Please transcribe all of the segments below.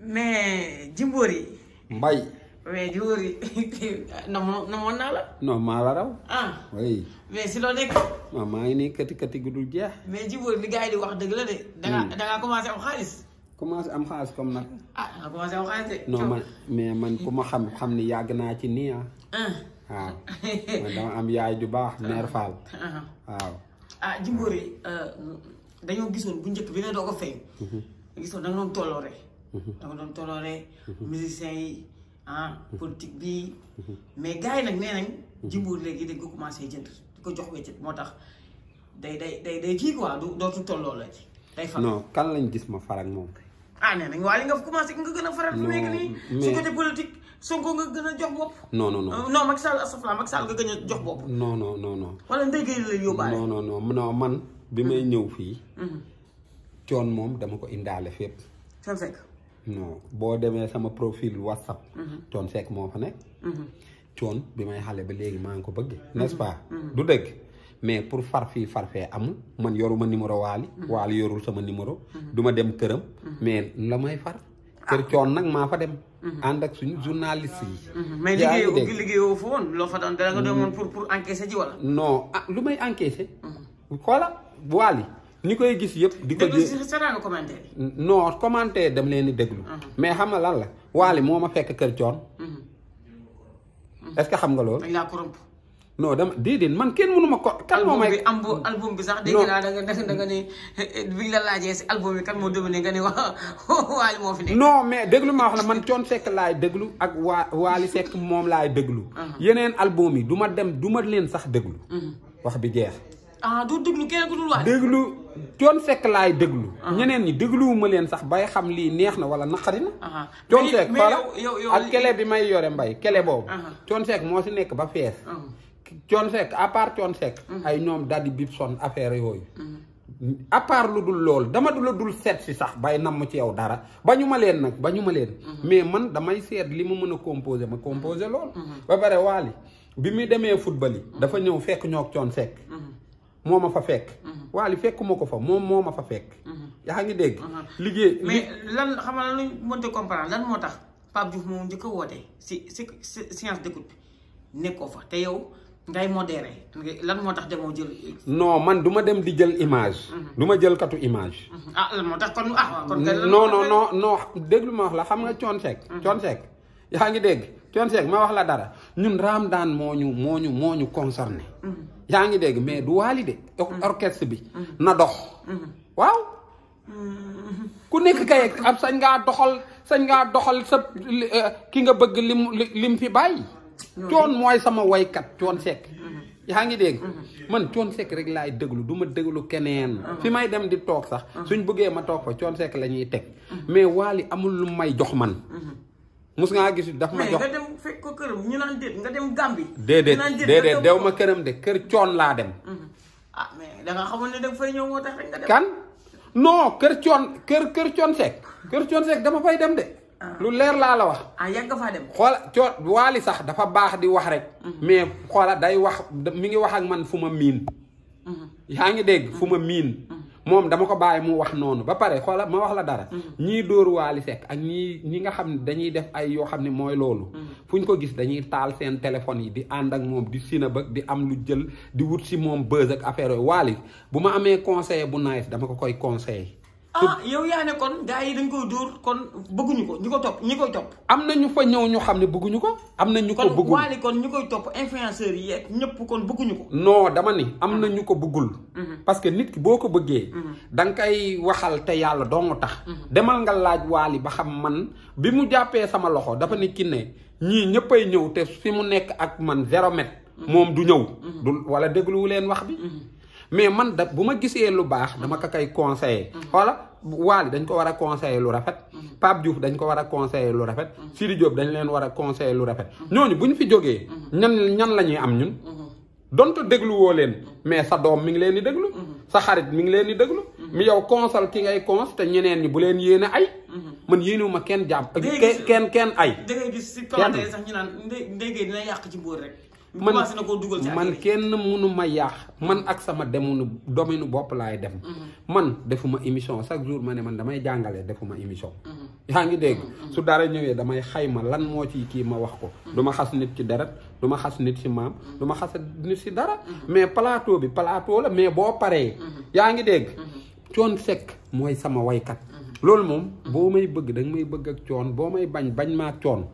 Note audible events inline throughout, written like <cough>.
mais jimboor yi. mbay. mais jimboor yi <laughs> na namoon naa la. non maa la raw. ah oui. mais si loo nekk. waaw maa ngi nii kati kati gu dul jeex. mais jimboor li gars yi di wax dëgg la de. da ngaa hmm. da ngaa commencé am xaalis. commencé am xaalis comme nag. ah da ngaa commencé am xaalis de. non man mais man ku ma xam xam ni yàgg naa ci nii ah. ah. waaw <laughs> man dama am yaay ju baax ah. mère Fall. Ah. waaw. ah jimboor yi euh, dañoo gisoon bu njëkk bi ne doo ko feeñ. Mhm. gisoon da nga doon tolloo rek. Mm-hmm. da nga doon tolooree. Mm-hmm. musiciens yi ah mm-hmm. politique bii. mais gars yi nag nee nañ. léegi dañ ko commencé jënd di ko jox wéccet moo tax day day day day kii quoi du dootul tolloo la ci. kan lañ gis ma farak moom. ah nee nañ li nga commencé nga gën a faral. non mais su côté politique Sonko nga gën a jox bopp. non non non euh, non Macky Sall asafla Macky Sall nga gën a jox bopp. non non non non. wala ndéygeey la yóbbaale. non non non non man. bi may ñëw fii. coon moom dama ko indaale fépp. fekk. non boo demee sama profil whatsapp. coon mhm. sekk moo fa nekk. coon mhm. bi may xale ba léegi maa ngi ko bëgg. Mhm. n'est-ce pas. du dëgg mais pour far fii far fee amul man yoruma numéro waali. waali yorul sama numéro. duma dem këram. mais la may far. Ah. kër coon nag maa fa dem. ànd ak suñu journaliste yi. mais liggéeyoo liggéeyoo fa woon loo fa doon dara nga mm. demoon pour pour encaisser ji wala. non ah lu may encaisser. xoola waali. ñi koy gis yëpp. di ko commentaire yi. non commentaire dam leen di déglu. Mhm. mais xam nga lan la Wally moo ma fekk kër coon. Mhm. que xam nga loolu. dañ laa corrompre. non dama déedéet man kenn mënu ko. kan moo may album bi sax dégg naa da nga da nga ne bi la laajee si album bi kan moo nii nga ne waa <laughs> Wally moo fi nekk. non mais déglu ma wax la man coon sekk laay déglu ak waa Wally Seck moom laay déglu. Mhm. yeneen album yi du ma dem du ma leen sax déglu. wax bi jeex. ah doo déglu kenn ku dul waaj. déglu coon sekk laay déglu. Ah. ñeneen ñi dégluwuma leen sax bay xam lii neex na wala naqari na. coon sekk fala ak kele bi may yore mbay kele boobu. coon ah. moo ci nekk ba fees. coon ah. sekk à part coon mm. ay ñoom daal di bip son affaire yooyu. Mm. à lu dul lool dama du la dul seet si sax bay namm ci yow dara ba ñu ma leen nag ba ñu ma leen. Mm-hmm. mais man damay seet li ma mën a composé ma composé mm-hmm. loolu. Mm-hmm. ba pare waali bi muy demee football yi. dafa ñëw fekk ñoo coon sekk. moo ma fa fekk. Mhm. waali fekkuma ko fa moom moo ma fa fekk. Mhm. yaa ngi dégg. Mhm. liggéey mais lan xam nga luñ mënta lan moo tax Pape Diouf moom njëkk woote si si séance d'écoute nekkoo fa te yow ngay modéré lan moo tax demoo jël. non man duma dem di jël image. du ma jël katu image. ah lan moo tax kon ah kon non non déglu ma wax la xam nga coon seek. coon ngi dégg coon ma wax la dara. ñun daan moo ñu moo ñu moo ñu concerné. Mm-hmm. yaa ngi dégg mais du waali de. Mm-hmm. orchestre bi. Mm-hmm. na dox. waaw. ku nekk kay ab sañ ngaa doxal sañ ngaa doxal sa euh, ki nga bëgg lim lim fi bàyyi. coon mooy sama woykat coon sekk. yaa ngi dégg man coon sekk rek laay déglu du ma déglu keneen. fi may dem di toog sax suñ buggee ma toog fa coon sekk lañuy teg mais waali amul lu may jox man. mus ngaa gis daf ma jox. këram ñu naan déet nga dem Gambie. déedéet déedéet dew ma këram de kër coon laa dem. Mm-hmm. ah mais da nga ne da nga ñëw moo tax kan non kër coon kër kër coon sek kër coon sek dama fay dem de. Ah. lu leer laa la wax. ah yàgg nga faa dem. xoola coon waali sax dafa baax di wax rek. Mm-hmm. mais xoola day wax mi ngi wax ak man fu ma miin. Mm-hmm. yaa ngi dégg fu ma miin. moom dama ko bàyyi mu wax noonu ba pare xoola ma wax la dara mm-hmm. ñii dóor Wally Seck ak ñii ñi nga xam ne dañuy def ay yoo xam ni mooy loolu mm-hmm. fu ñu ko gis dañuy taal seen téléphone yi di ànd ak moom di sina ba di am lu jël di wut si moom buzz ak affaire bu ma amee conseiller bu nice dama ko koy conseiller ah yow yaa ne kon gars yi dañ koy dóor kon bëgguñu ko ñu ko topp ñi koy topp. am na ñu fa ñëw ñu xam ne bëgguñu ko. am na ñu ko bëggul kon waali kon ñu koy topp influenceurs yi yeeg ñëpp kon bëgguñu ko. non dama ni am na mm-hmm. ñu ko bëggul. Mm-hmm. parce que nit ki boo ko bëggee. Mm-hmm. danga nga koy waxal te yàlla dong tax. demal nga laaj waali ba xam man bi mu jàppee sama loxo dafa ne ki ne ñii ñëppay ñëw te fi mu nekk ak man zéro mètre. moom du ñëw. du wala dégluwu leen wax bi. mais man da bu ma gisee lu baax dama ko koy conseiller mm-hmm. xoola Waly dañ ko war a conseiller lu rafet mm-hmm. Pape Diouf dañ ko war a conseiller lu rafet mm-hmm. Sidi Diop dañ leen war a conseiller lu rafet ñooñu bu ñu fi jógee ñan ñan la ñuy am ñun dont déglu woo leen mais sa doom mi ngi leen di déglu sa xarit mi ngi leen di déglu mu yow consal ki ngay cons te ñeneen ñi bu leen yéene ay man yéenewu ma kenn jàpp kenn kenn ay da ngay gis ñu naan ndéggee dina yàq ci mbóor rek man man kenn munu ma yàq man ak sama demunu dominu bopp laay dem mhm. man defuma émission chaque jour ma ne man damay jàngale defuma émission mhm. yaa ngi dégg mhm, su dara ñëwee damay xayma lan moo ci kii ma wax ko du ma xas nit ci deret du ma xas nit ci maam du ma xas nit ci dara mais palaato bi plateau la mais boo paree yaa ngi dégg coon sekk mooy sama woykat loolu moom boo may bëgg danga may bëgg ak coon boo may bañ bañ maa coon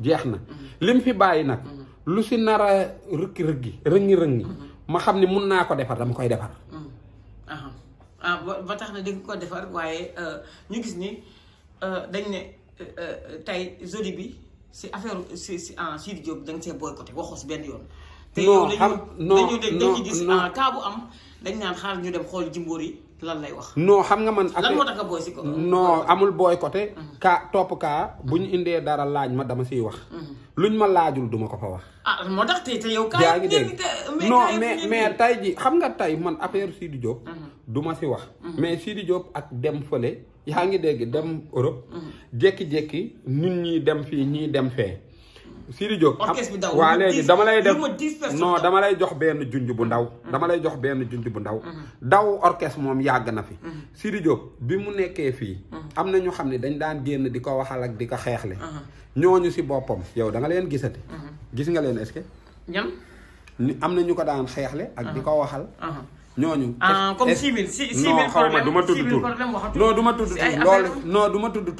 jeex na lim fi bàyyi nag lu si nar a rëkki rëggi rëngi rëngi mhm. ma xam ne mun naa ko defar dama koy defar mhm. ah ba tax na di nga defar waaye euh, ñu gis ni euh, dañ ne euh, tey joli bi si affaire si si en ah, Sidy Diop da nga see boycotté waxoo si benn yoon. te yow dañu dañu gis ah, cas bu am. dañ naan xaar ñu dem xool Jimbori yi lan lay wax. non xam nga man. ak lan moo si ko. non amul boycotté. Mm-hmm. kaa topp kaa bu ñu indee dara laaj ma dama siy wax. Mm-hmm. luñ ma laajul duma ko fa wax. ah moo tax tey ngi dégg non mais mais tey ji xam nga tey man affaire Sidi Diop. Mm-hmm. du ma si wax. mais Sidi Diop ak dem fële yaa ngi dégg dem Europe. jékki-jékki nit ñi dem fii ñii dem fee. Sidi Diop bu bi waa léegi dama lay def non dama lay jox benn junj bu ndaw mm-hmm. dama lay jox benn junj bu ndaw mm-hmm. daw orkes moom yàgg na fi mm-hmm. Sidi bi mu nekkee fii am na ñu xam ne dañ daan génn di ko waxal ak di ko xeexle ñooñu si boppam yow da leen gisati gis nga leen est am na ñu ko daan xeexle ak di uh-huh. ko waxal uh-huh. ñooñu. ah comme civil si civil problème non xaw ma du ma tudd tur non du ma tudd tur loolu non du ma ah. tudd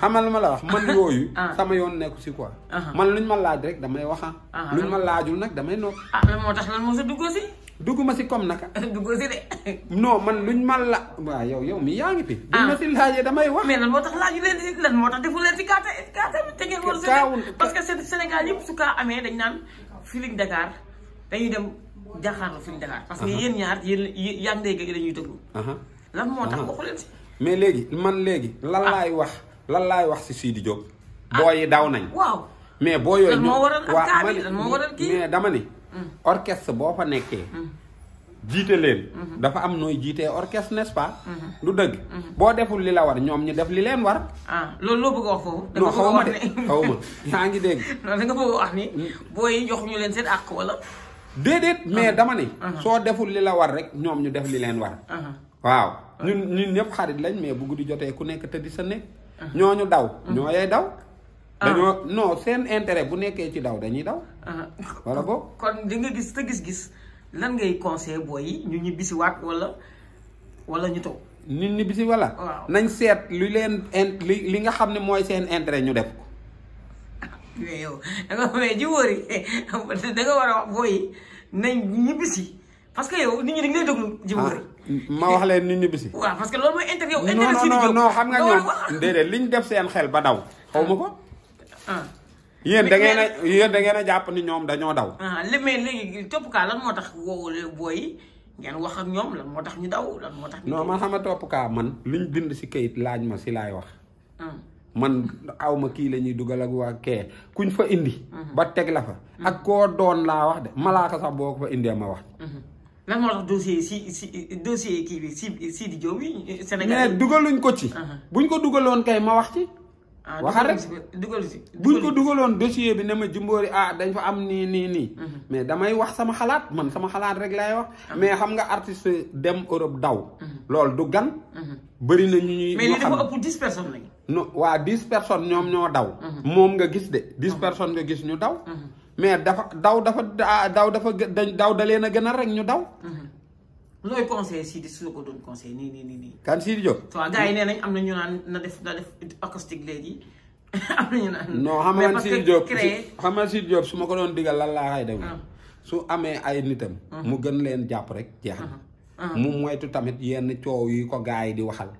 xamal ma la wax man <laughs> yooyu. Ah. sama yoon nekku si quoi. Ah. man luñ ma laaj rek damay wax ah. luñ ma laajul nag damay noppi. ah lan moo tax lan moo sa duggoo si. dugg ma si comme naka. <laughs> duggoo si de. non man luñ ma la waaw yow yow mi yaa ngi fi. ah buñ ma si laajee damay wax. mais lan moo tax laaju leen si lan moo tax defu leen si carte carte bi te ngeen parce que Sénégal yëpp su kaa amee dañ naan Feeling Dakar dañuy dem. jaxaar la fi ñu jaxaar parce que yéen ñaar yéen yaa ngi dégg dañuy déglu lan moo tax waxu leen si mais léegi man léegi lan laay ah. wax lan laay wax si Sidi Diop ah. booy yi daw nañ waaw mais boo yooyu moo waral ak kaa bi lan moo waral kii mais dama ni hmm. orchestre hmm. leen hmm. li la war ñoom ñu def li leen war ah loolu loo bëgg a a <laughs> seen àq wala déedéet mais dama ne. soo deful li la war rek ñoom ñu def li leen war. waaw ñun ñun ñëpp xarit lañ mais buggu di jotee ku nekk tëddi sa ñoo ñu daw. ñoo yay daw. dañoo non seen intérêt bu nekkee ci daw dañuy daw. wala boog kon di nga gis te gis-gis lan ngay conseil booy yi ñu ñibbisi waat wala wala ñu toog. nit ñi bisi nañ seet li leen in li li nga xam ne mooy seen intérêt ñu def ko. mais yow da nga mais Djimbori eh, da nga war a wax booy nañ ñibbisi parce que yow nit ñi dañ lay déglu Djimbori. Ah, ma wax leen ñu ñibbisi. parce que loolu mooy intérêt yow. intérêt si non non xam nga ñoom déedéet liñ def seen xel ba daw xaw ma ko. Ah. yéen da ngeen a yéen da ngeen a jàpp ni ñoom dañoo daw. Ah, mais léegi toppkaa lan moo tax woowule booy ngeen wax ak ñoom lan moo tax ñu daw lan moo tax. non man xama nga toppkaa man liñ bind si kayit laaj ma si laay wax. man awma kii la ñuy dugal ak waa kee kuñ fa indi. ba teg la fa. ak koo doon laa wax de malaaka sax boo ko fa indee ma wax. Mm-hmm. lan si si dossier kii bi si Sidi Diop bi Sénégal mais dugaluñ ko ci. Uh-huh. buñ ko dugaloon kay ma wax ci. Ah, waxal rek dugal si buñ ko dugaloon dossier bi ne ma jimboori ah dañ fa am nii nii nii. Mm-hmm. mais damay wax sama xalaat man sama xalaat rek laay wax. Ah. mais xam nga artiste dem Europe daw. Mm-hmm. loolu du gan. bëri na ñu ñuy. mais lii dafa ëpp dix personnes lañ. no waa dix personnes ñom ñoo daw mom mhm. nga gis de 10 mhm. personnes nga gis ñu daw mhm. mais dafa daw dafa ah, daw dafa daw dalena gëna rek ñu daw looy conseil si di suko don conseil ni ni ni ni kan si di jox to gaay nee nañ amna ñu naan na def da def acoustique légui <laughs> am ñu naan non xam nga di jox xam nga Sidi Diop su ma ko don digal la la hay dem ah. su amé ay nitam mu gën leen japp rek jeex mu moytu tamit yenn ciow yi ko gaay di waxal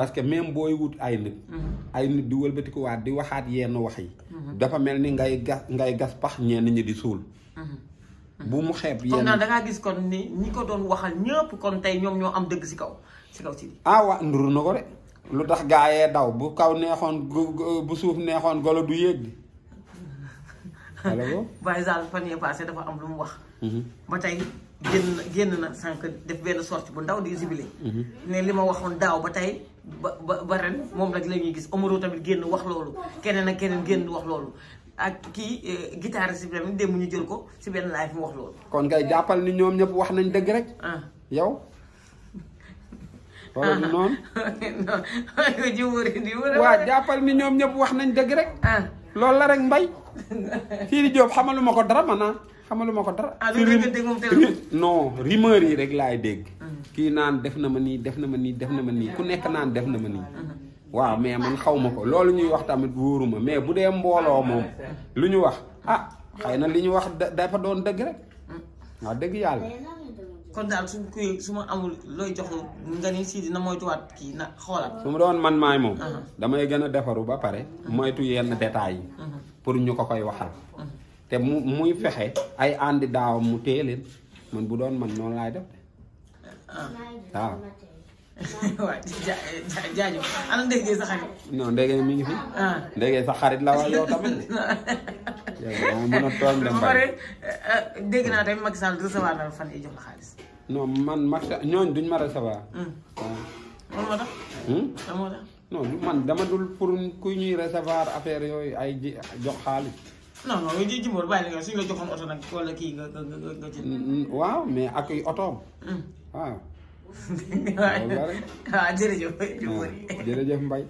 parce que même booy wut ay nit. Mm-hmm. ay nit di wëlbati di waxaat yenn wax yi. Mm-hmm. dafa mel ni ngay gas ngay gas pax ñenn ñi di suul. Mm-hmm. bu mu xeeb yenn. kon da ngaa gis kon ni ñi ko doon waxal ñëpp kon tey ñoom ñoo am dëgg si kaw si kaw si bi. ah waa nduru na ko de. lu tax gaayee daw bu kaw neexoon bu suuf neexoon golo du yéeg di. <laughs> allo. ba Sall fan yee passé dafa am lu mu wax. ba tey génn génn na sànq def benn sortie bu ndaw di jubilé. ne li ma waxoon daaw ba tey. ba ba ba ren moom nag la gis Omaro tamit genn wax lolu keneen ak keneen genn wax lolu ak kii eh, guitariste bi tamit démb ñu jël ko ci ben live mu wax lolu kon ngay jappal ni ñom ñep wax nañ dëgg rek. Ah. yow. wala ah. <laughs> wuri di wuri wa jappal ni ñom ñep wax nañ dëgg rek. Ah. lolu la rek mbay. fi di job xamaluma ko dara man xamaluma ko dara. ah loolu moom non rumeur yi rek lay dégg. kii naan def na ma nii def na ma nii def na ma nii ku nekk naan def na ma nii waaw mais man xaw ma ko loolu ñuy wax tamit wóoruma mais bu dee mbooloo moom lu ñu wax a ah, xëy na li ñu wax dafa doon dëgg rek waaw dëgg yàlla kon daal su kuy su ma amul looy jox nga ni sii dina moytuwaat kii na xoolaat. su ma doon man maay moom. damay gën a defaru ba pare. moytu yenn détails yi. pour ñu ko koy waxal. te mu muy fexe ay àndi daawam mu téye leen man bu doon man noonu laay def. waaw. Ah. Ah. <laughs> waay ana ndéggee sa xarit. mi ngi ah. la waaye yow tamit. <laughs> a toog dem ba eh, eh, dégg naa tamit Macky Sall recevoir na fan yi jox la xaalis. non man Macky ñooñu duñ ma recevoir. Hmm. loolu moo hmm? pour ku ñuy recevoir affaire yooyu ay ji joxoon oto nag wala kii nga nga nga nga waaw mais ak otoom. Hmm. ah. jërëjëf jërëjëf Mbaye.